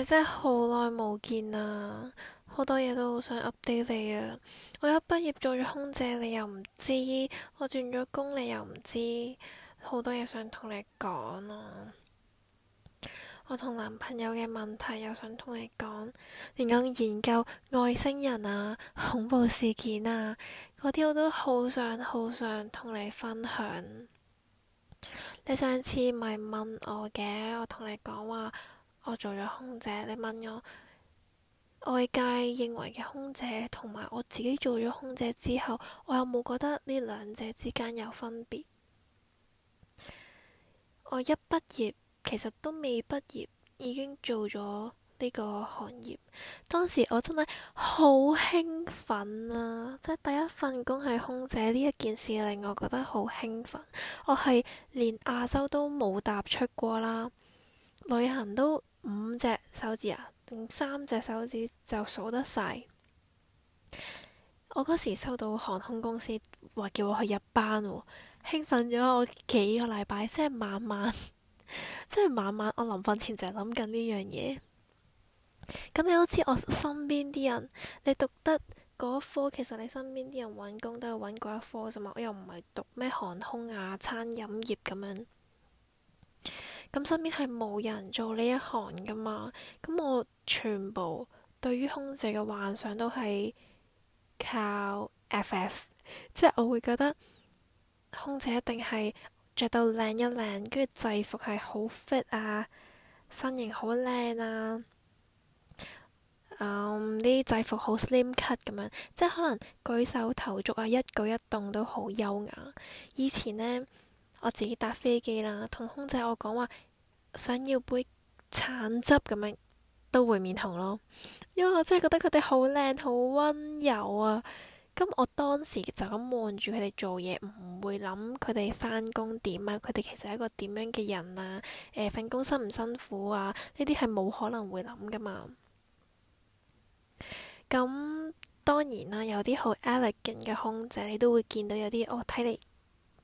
真係好耐冇見啦，好多嘢都好想 update 你啊！我一畢業做咗空姐，你又唔知；我轉咗工，你又唔知，好多嘢想同你講啊！我同男朋友嘅問題又想同你講，連講研究外星人啊、恐怖事件啊嗰啲，我都好想好想同你分享。你上次咪問我嘅，我同你講話。我做咗空姐，你問我外界認為嘅空姐同埋我自己做咗空姐之後，我有冇覺得呢兩者之間有分別？我一畢業，其實都未畢業已經做咗呢個行業。當時我真係好興奮啊！即係第一份工係空姐呢一件事令我覺得好興奮。我係連亞洲都冇踏出過啦，旅行都～五隻手指啊，定三隻手指就數得晒。我嗰時收到航空公司話叫我去入班喎、啊，興奮咗我幾個禮拜，即係晚晚，即係晚晚。我臨瞓前就係諗緊呢樣嘢。咁你都知我身邊啲人，你讀得嗰一科，其實你身邊啲人揾工都係揾嗰一科啫嘛。我又唔係讀咩航空啊、餐飲業咁樣。咁身邊係冇人做呢一行噶嘛，咁我全部對於空姐嘅幻想都係靠 FF，即係我會覺得空姐一定係着到靚一靚，跟住制服係好 fit 啊，身形好靚啊，嗯、啲制服好 slim cut 咁樣，即係可能舉手投足啊，一舉一動都好優雅。以前呢。我自己搭飛機啦，同空姐我講話想要杯橙汁咁樣，都會面紅咯，因為我真係覺得佢哋好靚、好温柔啊。咁、嗯、我當時就咁望住佢哋做嘢，唔會諗佢哋返工點啊，佢哋其實係一個點樣嘅人啊？誒、呃，份工辛唔辛苦啊？呢啲係冇可能會諗噶嘛。咁、嗯、當然啦，有啲好 elegant 嘅空姐，你都會見到有啲我睇嚟。哦。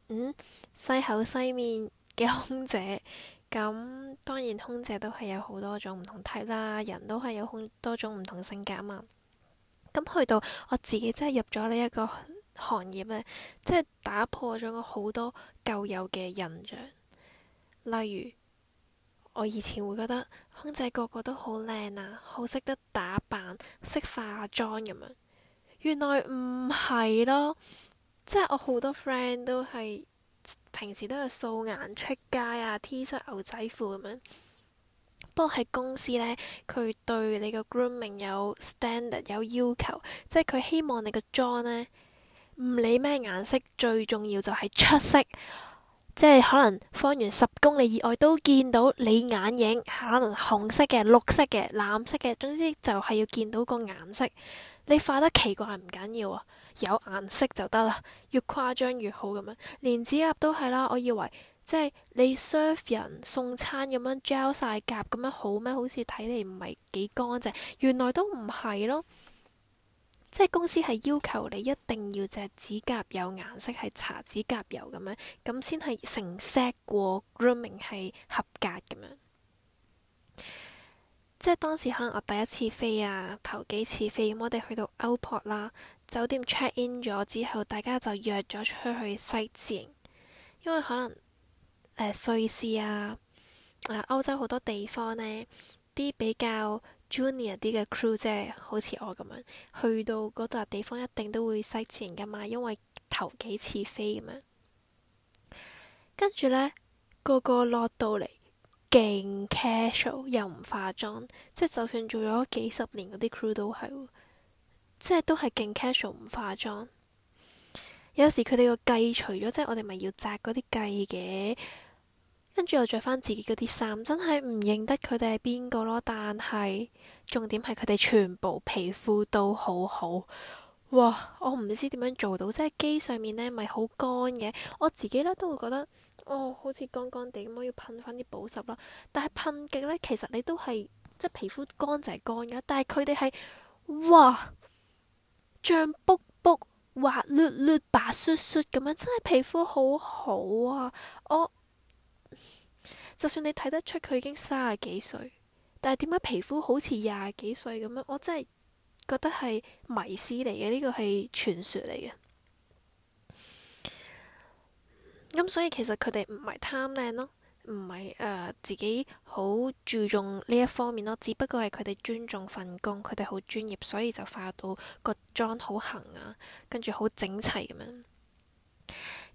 嗯，西口西面嘅空姐，咁當然空姐都係有好多種唔同 type 啦，人都係有好多種唔同性格啊嘛。咁去到我自己真係入咗呢一個行業咧，即係打破咗我好多舊有嘅印象。例如，我以前會覺得空姐個個都好靚啊，好識得打扮，識化妝咁樣，原來唔係咯。即係我好多 friend 都係平時都係素顏出街啊，T 恤、牛仔褲咁樣。不過喺公司呢，佢對你個 grooming 有 standard 有要求，即係佢希望你個妝呢，唔理咩顏色，最重要就係出色。即係可能方圓十公里以外都見到你眼影，可能紅色嘅、綠色嘅、藍色嘅，總之就係要見到個顏色。你化得奇怪唔緊要啊，有顏色就得啦，越誇張越好咁樣。連指甲都係啦，我以為即係你 serve 人送餐咁樣 gel 晒甲咁樣好咩？好似睇嚟唔係幾乾淨，原來都唔係咯。即係公司係要求你一定要隻指甲有顏色，係擦指甲油咁樣，咁先係成 set 過 grooming 係合格咁樣。即係當時可能我第一次飛啊，頭幾次飛，咁我哋去到 Outport 啦，酒店 check in 咗之後，大家就約咗出去 sightseeing，因為可能誒、呃、瑞士啊，誒、啊、歐洲好多地方呢啲比較。Junior 啲嘅、like、crew 即係，好似我咁樣，去到嗰度地方一定都會使錢噶嘛，因為頭幾次飛咁樣，跟住咧個個落到嚟勁 casual，又唔化妝，即係就算做咗幾十年嗰啲 crew 都係，即係都係勁 casual，唔化妝。有時佢哋個計除咗，即係我哋咪要紮嗰啲計嘅。跟住又着翻自己嗰啲衫，真係唔認得佢哋係邊個咯。但係重點係佢哋全部皮膚都好好，哇！我唔知點樣做到，即係機上面咧咪好乾嘅，我自己咧都會覺得，哦，好似乾乾地咁，我要噴翻啲保濕啦。但係噴極咧，其實你都係即係皮膚乾就係乾嘅。但係佢哋係，哇，脹卜卜滑捋捋白雪雪咁樣，真係皮膚好好啊！我。就算你睇得出佢已經三十幾歲，但係點解皮膚好似廿幾歲咁樣？我真係覺得係迷思嚟嘅，呢個係傳說嚟嘅。咁所以其實佢哋唔係貪靚咯，唔係誒自己好注重呢一方面咯，只不過係佢哋尊重份工，佢哋好專業，所以就化到個妝好恆啊，跟住好整齊咁樣。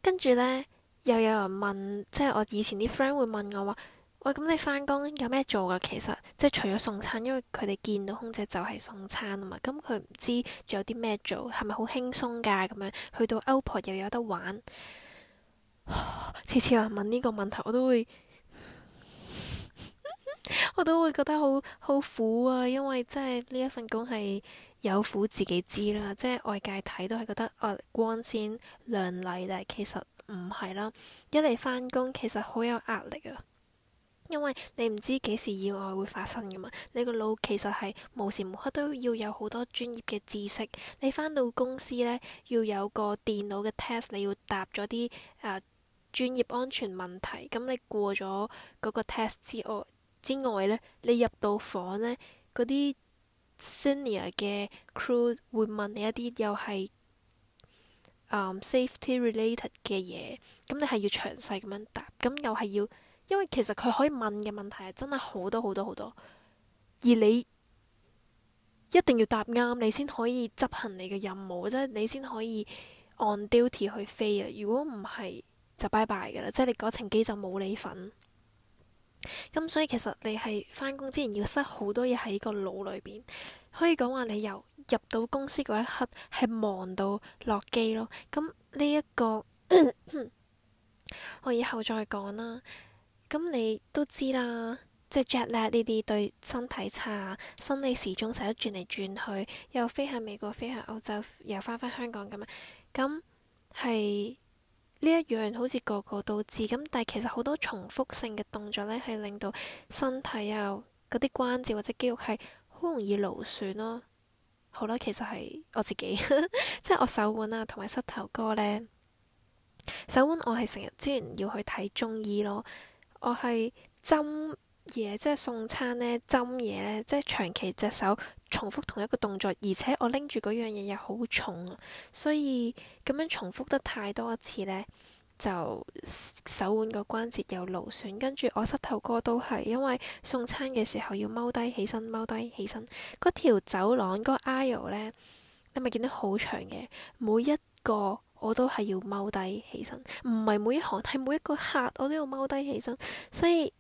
跟住呢。又有人問，即係我以前啲 friend 會問我話：喂，咁你翻工有咩做噶？其實即係除咗送餐，因為佢哋見到空姐就係送餐啊嘛。咁佢唔知仲有啲咩做，係咪好輕鬆㗎？咁樣去到 outport 又有得玩，次次有人問呢個問題，我都會， 我都會覺得好好苦啊。因為即係呢一份工係有苦自己知啦，即係外界睇都係覺得啊、呃、光鮮亮麗，但係其實。唔係啦，一嚟返工其實好有壓力啊，因為你唔知幾時意外會發生㗎嘛。你個腦其實係無時無刻都要有好多專業嘅知識。你返到公司呢，要有個電腦嘅 test，你要答咗啲啊專業安全問題。咁你過咗嗰個 test 之外之外呢，你入到房呢，嗰啲 senior 嘅 crew 會問你一啲又係。Um, safety related 嘅嘢，咁你係要詳細咁樣答，咁又係要，因為其實佢可以問嘅問題係真係好多好多好多，而你一定要答啱，你先可以執行你嘅任務，即係你先可以 on duty 去飛啊。如果唔係，就拜拜噶啦，即係你嗰程機就冇你份。咁所以其實你係翻工之前要塞好多嘢喺個腦裏邊，可以講話你由。入到公司嗰一刻，係忙到落機咯。咁呢一個咳咳我以後再講啦。咁你都知啦，即係 jetlag 呢啲對身體差啊。生理時鐘成日轉嚟轉去，又飛喺美國，飛喺歐洲，又翻返香港咁啊。咁係呢一樣，好似個個都知咁，但係其實好多重複性嘅動作呢，係令到身體啊嗰啲關節或者肌肉係好容易勞損咯。好啦，其實係我自己，呵呵即係我手腕啊，同埋膝頭哥呢。手腕我係成日之前要去睇中醫咯，我係針嘢，即係送餐呢，針嘢呢，即係長期隻手重複同一個動作，而且我拎住嗰樣嘢又好重，所以咁樣重複得太多一次呢。就手腕個關節有勞損，跟住我膝頭哥都係因為送餐嘅時候要踎低起身，踎低起身。嗰條走廊個 aisle 呢，你咪見到好長嘅，每一個我都係要踎低起身，唔係每一行，係每一個客我都要踎低起身，所以。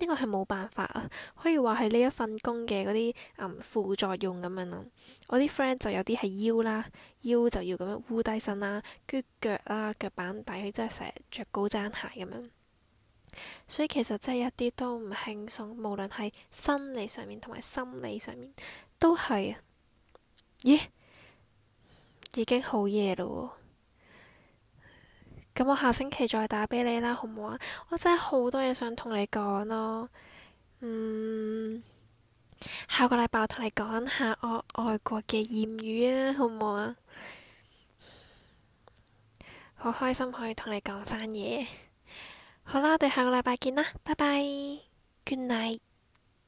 呢個係冇辦法啊，可以話係呢一份工嘅嗰啲嗯副作用咁樣咯。我啲 friend 就有啲係腰啦，腰就要咁樣烏低身啦，攣腳啦，腳板底佢真係成日着高踭鞋咁樣，所以其實真係一啲都唔輕鬆，無論係生理上面同埋心理上面都係啊。咦，已經好夜啦喎！咁我下星期再打畀你啦，好唔好啊？我真係好多嘢想同你講咯，嗯，下個禮拜我同你講下我外國嘅諺語啊，好唔好啊？好開心可以同你講翻嘢，好啦，我哋下個禮拜見啦，拜拜，Good night。